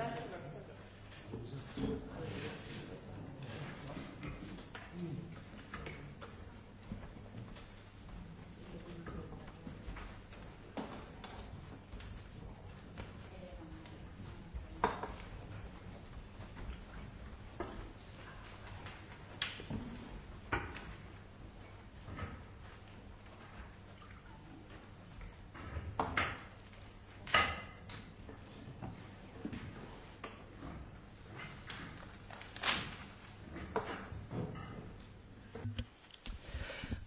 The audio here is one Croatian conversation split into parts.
Za.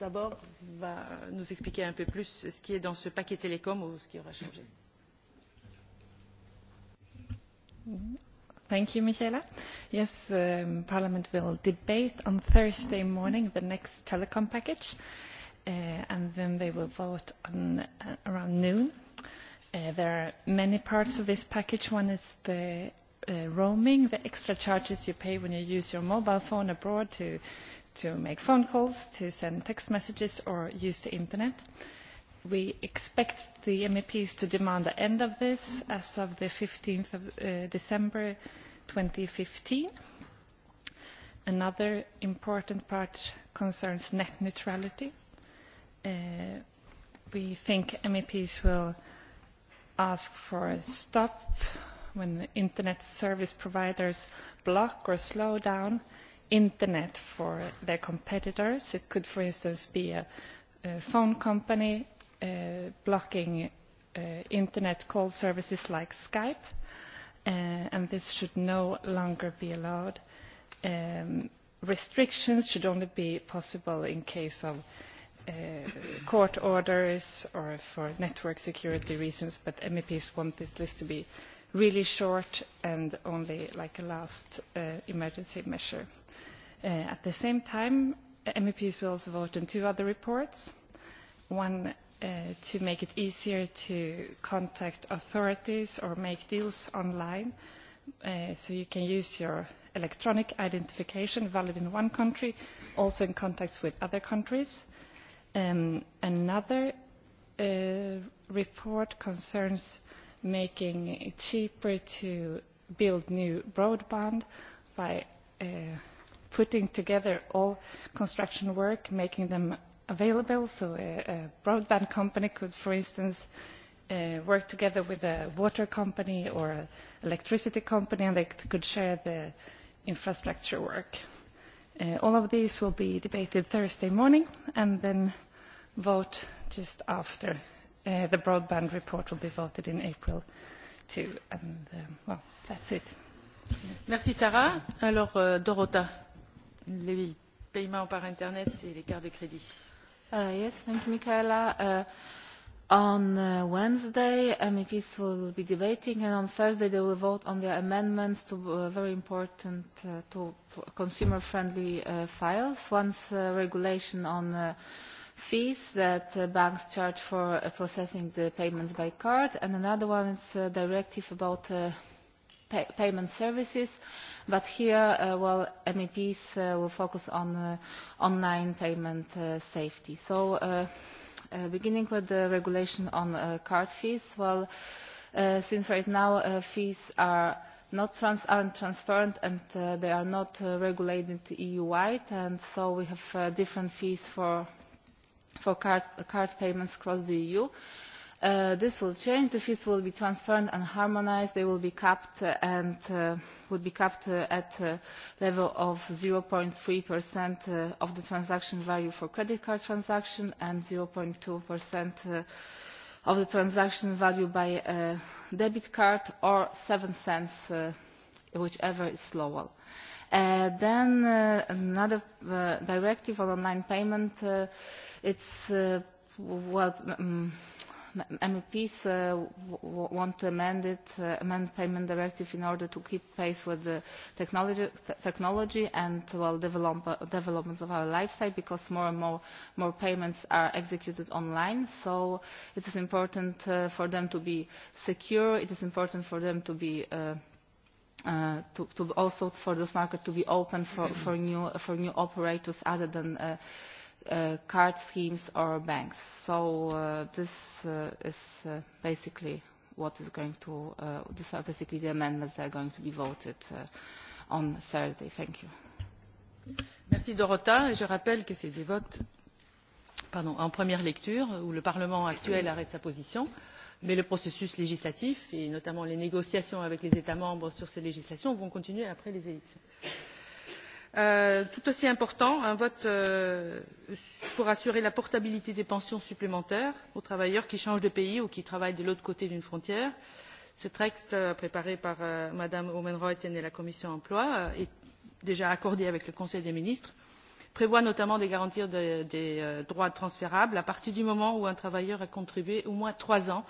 d'abord va nous expliquer un peu plus ce qui est dans ce paquet télécom ou ce qui aura changé. Thank you, Michaela. Yes, um, Parliament will debate on Thursday morning the next telecom package, uh, and then they will vote on, uh, around noon. Uh, there are many parts of this package. One is the roaming, the extra charges you pay when you use your mobile phone abroad to to make phone calls, to send text messages or use the internet. We expect the MEPs to demand the end of this as of the 15th of uh, December 2015. Another important part concerns net neutrality. Uh, we think MEPs will ask for a stop when internet service providers block or slow down internet for their competitors. It could, for instance, be a, phone company uh, blocking uh, internet call services like Skype, uh, and this should no longer be allowed. Um, restrictions should only be possible in case of court orders or for network security reasons, but MEPs want this list to be really short and only like a last uh, emergency measure. Uh, at the same time, MEPs will also vote on two other reports one uh, to make it easier to contact authorities or make deals online, so you can use your electronic identification valid in one country, also in contacts with other countries. Um, another report concerns making it cheaper to build new broadband by uh, putting together all construction work, making them available so a, a broadband company could, for instance, uh, work together with a water company or an electricity company and they could share the infrastructure work. Uh, all of these will be debated Thursday morning and then vote just after Uh, the broadband report will be voted in April too. And um, well, that's it. Merci Sarah. Alors uh, Dorota, les paiements par internet et les cartes de crédit. Uh, yes, thank you, Michaela. Uh, on uh, Wednesday, MEPs will be debating, and on Thursday they will vote on the amendments to uh, very important uh, to consumer-friendly uh, files. uh, regulation on fees that uh, banks charge for uh, processing the payments by card and another one is a uh, directive about payment services but here well meps will focus on online payment safety. so beginning with the regulation on card fees well since right now fees are not transparent and they are not regulated eu wide and so we have different fees for for card, payments across the eu. Uh, this will change the fees will be transparent and harmonised they will be capped and uh, be capped uh, at a level of. zero three of the transaction value for credit card transactions and. zero two of the transaction value by debit card or seven cents whichever is lower. Uh, then uh, another uh, directive on online payment it's well meps mm, mm, want to amend it amend payment directive in order to keep pace with the technology, and well developments of our lifestyle because more and more payments are executed online so it is important for them to be secure it is important for them to be Uh, to, to also for this market to be open for, for, new, for new operators other than uh, uh, card schemes or banks. So uh, this uh, is uh, basically what is going to, these are basically the amendments that are going to be voted on Thursday. Thank you. Merci Dorota. je rappelle que c'est des votes pardon, en première lecture où le Parlement actuel arrête sa position mais le processus législatif et notamment les négociations avec les états membres sur ces législations vont continuer après les élections. Euh, tout aussi important un vote euh, pour assurer la portabilité des pensions supplémentaires aux travailleurs qui changent de pays ou qui travaillent de l'autre côté d'une frontière. ce texte euh, préparé par euh, mme oomen ruijten et la commission emploi l'emploi euh, déjà accordé avec le conseil des ministres prévoit notamment de garantir des, euh, droits transférables à partir du moment où un travailleur a contribué au moins trois ans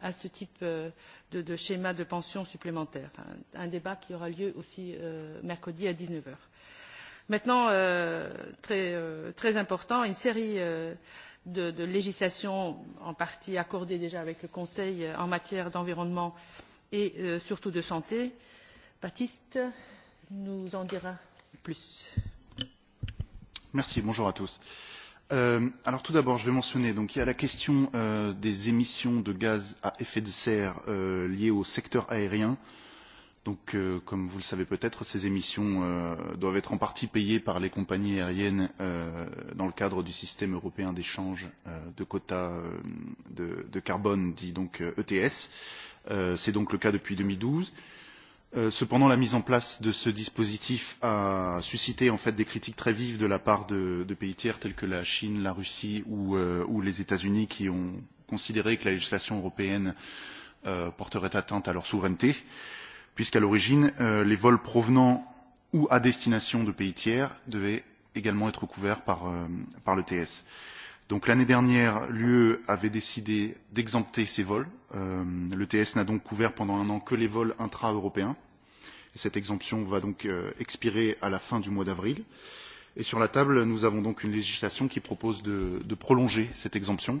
à ce type euh, de, schéma de pension supplémentaire un, débat qui aura lieu aussi euh, mercredi à dix neuf heures. maintenant très, important une série de, de législations en partie accordées déjà avec le conseil en matière d'environnement et surtout de santé baptiste nous en dira plus. Merci, bonjour à tous. Euh, alors tout d'abord, je vais mentionner, donc il y a la question euh, des émissions de gaz à effet de serre euh, liées au secteur aérien. Donc, comme vous le savez peut-être, ces émissions doivent être en partie payées par les compagnies aériennes dans le cadre du système européen d'échange de quotas de, de carbone, dit donc ETS. E c'est donc le cas depuis 2012. Euh, cependant la mise en place de ce dispositif a suscité en fait des critiques très vives de la part de, de pays tiers tels que la chine la russie ou, euh, ou les états unis qui ont considéré que la législation européenne euh, porterait atteinte à leur souveraineté puisqu'à l'origine euh, les vols provenant ou à destination de pays tiers devaient également être couverts par, euh, par le ts donc l'année dernière l'ue avait décidé d'exempter ces vols euh, l'ets n'a donc couvert pendant un an que les vols intra européens cette exemption va donc euh, expirer à la fin du mois d'avril et sur la table nous avons donc une législation qui propose de prolonger cette exemption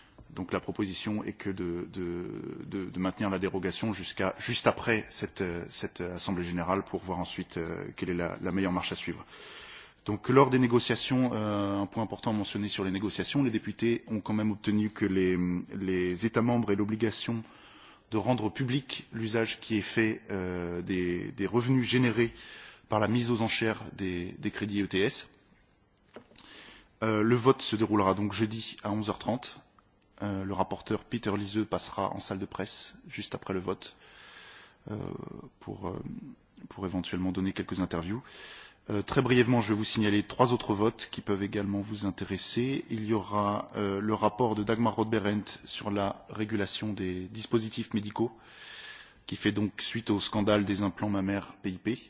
donc la proposition est que de, de, de, de maintenir la dérogation jusqu'à juste après cette, cette assemblée générale pour voir ensuite euh, quelle est la, la meilleure marche à suivre. Donc lors des négociations, euh, un point important mentionné sur les négociations, les députés ont quand même obtenu que les, les États membres aient l'obligation de rendre public l'usage qui est fait euh, des, des revenus générés par la mise aux enchères des, des crédits ETS. Euh, le vote se déroulera donc jeudi à 11h30 Euh, le rapporteur Peter Liseux passera en salle de presse juste après le vote euh, pour, euh, pour éventuellement donner quelques interviews. Très brièvement, je vais vous signaler trois autres votes qui peuvent également vous intéresser. Il y aura le rapport de Dagmar Rodberent sur la régulation des dispositifs médicaux, qui fait donc suite au scandale des implants mammaires PIP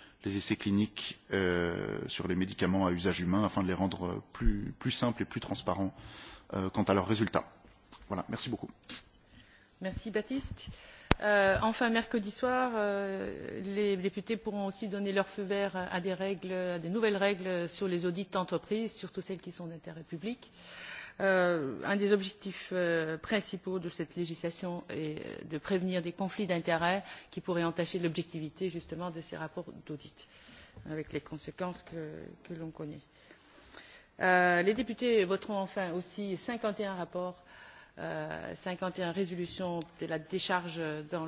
les essais cliniques euh, sur les médicaments à usage humain afin de les rendre euh, plus, plus simples et plus transparents euh, quant à leurs résultats. Voilà, merci beaucoup. Merci Baptiste. Euh, enfin, mercredi soir, euh, les députés pourront aussi donner leur feu vert à des, règles, à des nouvelles règles sur les audits d'entreprise, surtout celles qui sont d'intérêt public. Euh, un des objectifs euh, principaux de cette législation est de prévenir des conflits d'intérêts qui pourraient entacher l'objectivité justement de ces rapports d'audit avec les conséquences que, l'on connaît. Euh, les députés voteront enfin aussi cinquante et un rapports cinquante et un résolutions de la décharge dans,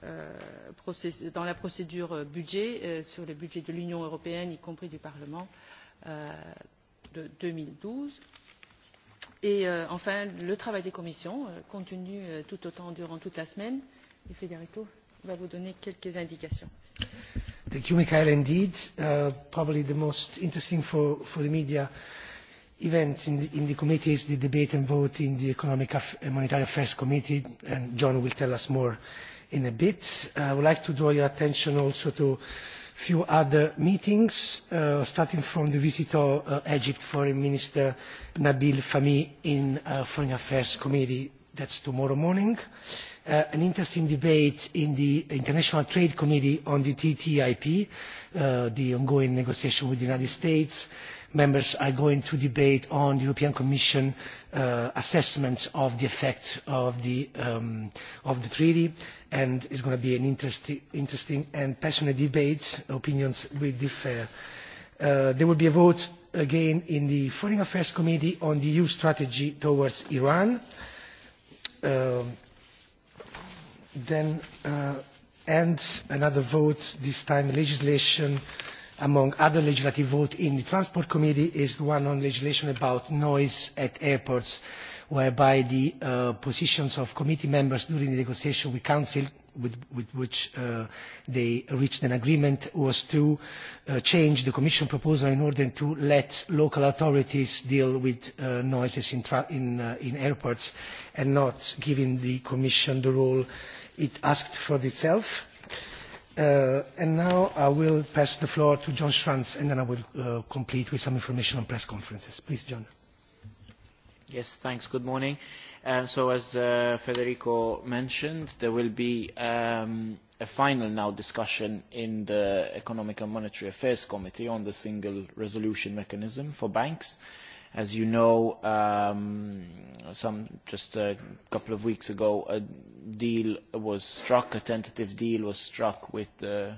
la procédure budget sur le budget de l'union européenne y compris du parlement de deux mille douze et euh, enfin le travail des commissions euh, continue euh, tout autant durant toute la semaine et federico va vous donner quelques indications. thank you michael indeed uh, probably the most interesting for, for the media event in the, in the committee is the debate and vote in the economic and monetary affairs committee and john will tell us more in a bit. Uh, i would like to draw your attention also to few other meetings, uh, starting from the visit of uh, Egypt Foreign Minister Nabil Fami in uh, Foreign Affairs Committee That is tomorrow morning, uh, an interesting debate in the International Trade Committee on the TTIP, uh, the ongoing negotiation with the United States. Members are going to debate on the European Commission uh, assessment of the effect of the, um, of the treaty, and it's going to be an interesting and passionate debate. Opinions will differ. there will be a vote again in the Foreign Affairs Committee on the EU strategy towards Iran Um, then uh, and another vote this time legislation among other legislative votes in the transport committee is the one on legislation about noise at airports whereby the uh, positions of committee members during the negotiation with council with, with which uh, they reached an agreement was to uh, change the commission proposal in order to let local authorities deal with noises in, in, airports and not giving the commission the role it asked for itself. and now I will pass the floor to John Schranz and then I will complete with some information on press conferences. Please, John. Yes, thanks. Good morning. Um, so as uh, Federico mentioned, there will be um, a final now discussion in the Economic and Monetary Affairs Committee on the single resolution mechanism for banks. As you know, um, some, just a couple of weeks ago, a deal was struck, a tentative deal was struck with the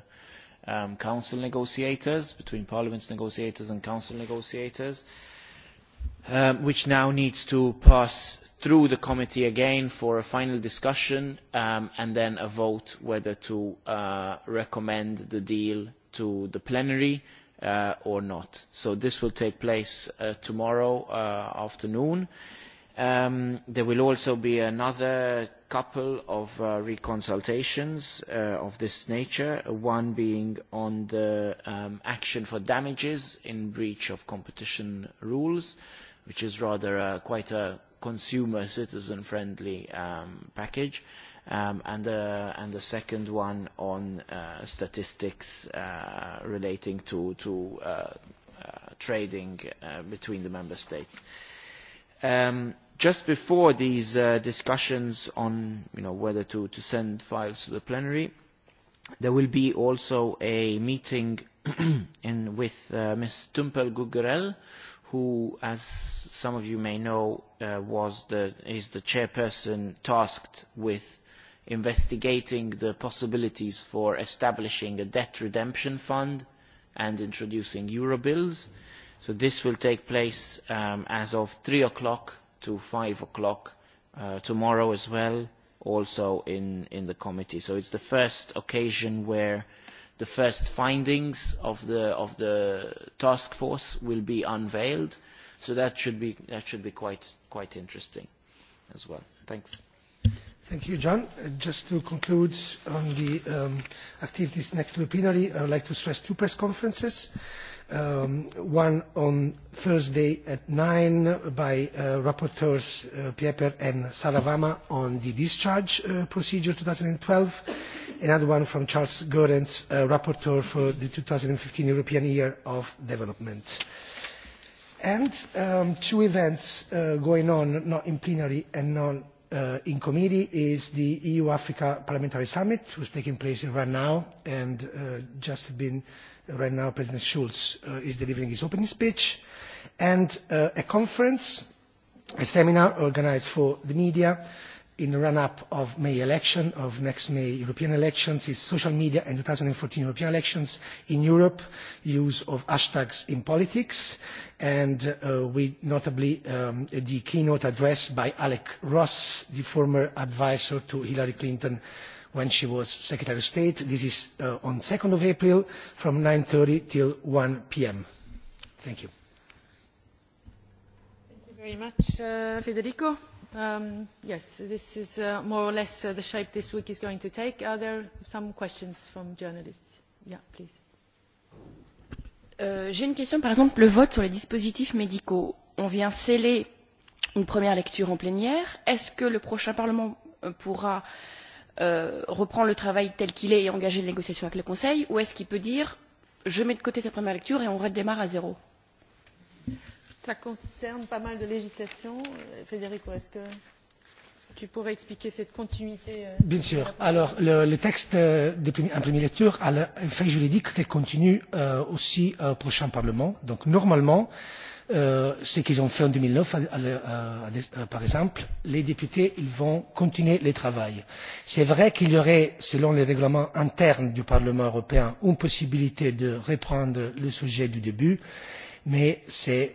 council negotiators, between parliament's negotiators and council negotiators Um, which now needs to pass through the committee again for a final discussion um, and then a vote whether to uh, recommend the deal to the plenary uh, or not. So this will take place uh, tomorrow afternoon. Um, there will also be another couple of consultations of this nature, one being on the action for damages in breach of competition rules which is rather a, quite a consumer citizen friendly um, package um, and the and the second one on uh, statistics uh, relating to to uh, trading between the member states um, just before these discussions on you know whether to to send files to the plenary there will be also a meeting in with Ms Tumpel Guggerel who, as some of you may know, uh, was the, is the chairperson tasked with investigating the possibilities for establishing a debt redemption fund and introducing Eurobills. So this will take place um, as of 3 o'clock to 5 o'clock uh, tomorrow as well, also in, in the committee. So it's the first occasion where the first findings of the of the task force will be unveiled so that should be that should be quite quite interesting as well thanks thank you john uh, just to conclude on the um, activities next to the plenary i would like to stress two press conferences um, one on Thursday at 9 by uh, rapporteurs uh, Pieper and Saravama on the discharge uh, procedure 2012 another one from Charles Goerens, uh, rapporteur for the 2015 European Year of Development. And um, two events uh, going on, not in plenary and not uh, in committee, is the EU-Africa Parliamentary Summit, which is taking place right now, and just been right now President Schulz is delivering his opening speech, and a conference, a seminar organized for the media, in the run up of May election, of next May European elections, is social media and 2014 European elections in Europe, use of hashtags in politics, and uh, we notably um, the keynote address by Alec Ross, the former advisor to Hillary Clinton when she was Secretary of State. This is uh, on 2 of April from thirty till 1 p.m. Thank you. Thank you very much, uh, Federico. Um, yes, this is uh, more or less uh, the shape this week is going to take. Are there some questions from journalists? please. Euh, j'ai une question, par exemple, le vote sur les dispositifs médicaux. On vient sceller une première lecture en plénière. Est-ce que le prochain Parlement euh, pourra euh, reprendre le travail tel qu'il est et engager les négociations avec le Conseil Ou est-ce qu'il peut dire, je mets de côté cette première lecture et on redémarre à zéro Ça concerne pas mal de législations. Euh, Federico, est-ce que tu pourrais expliquer cette continuité euh, Bien sûr. Alors, le, texte euh, en première lecture a effet juridique qu'elle continue aussi au prochain Parlement. Donc, normalement, ce qu'ils ont fait en 2009, à, à, par exemple, les députés ils vont continuer le travail. C'est vrai qu'il y aurait, selon les règlements internes du Parlement européen, une possibilité de reprendre le sujet du début, mais c'est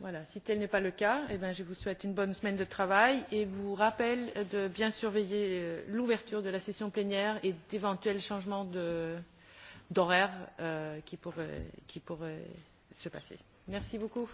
Voilà, si tel n'est pas le cas, eh je vous souhaite une bonne semaine de travail et vous rappelle de bien surveiller euh, l'ouverture de la session plénière et d'éventuels changements d'horaire euh, qui, pourraient, qui pourraient se passer. Merci beaucoup.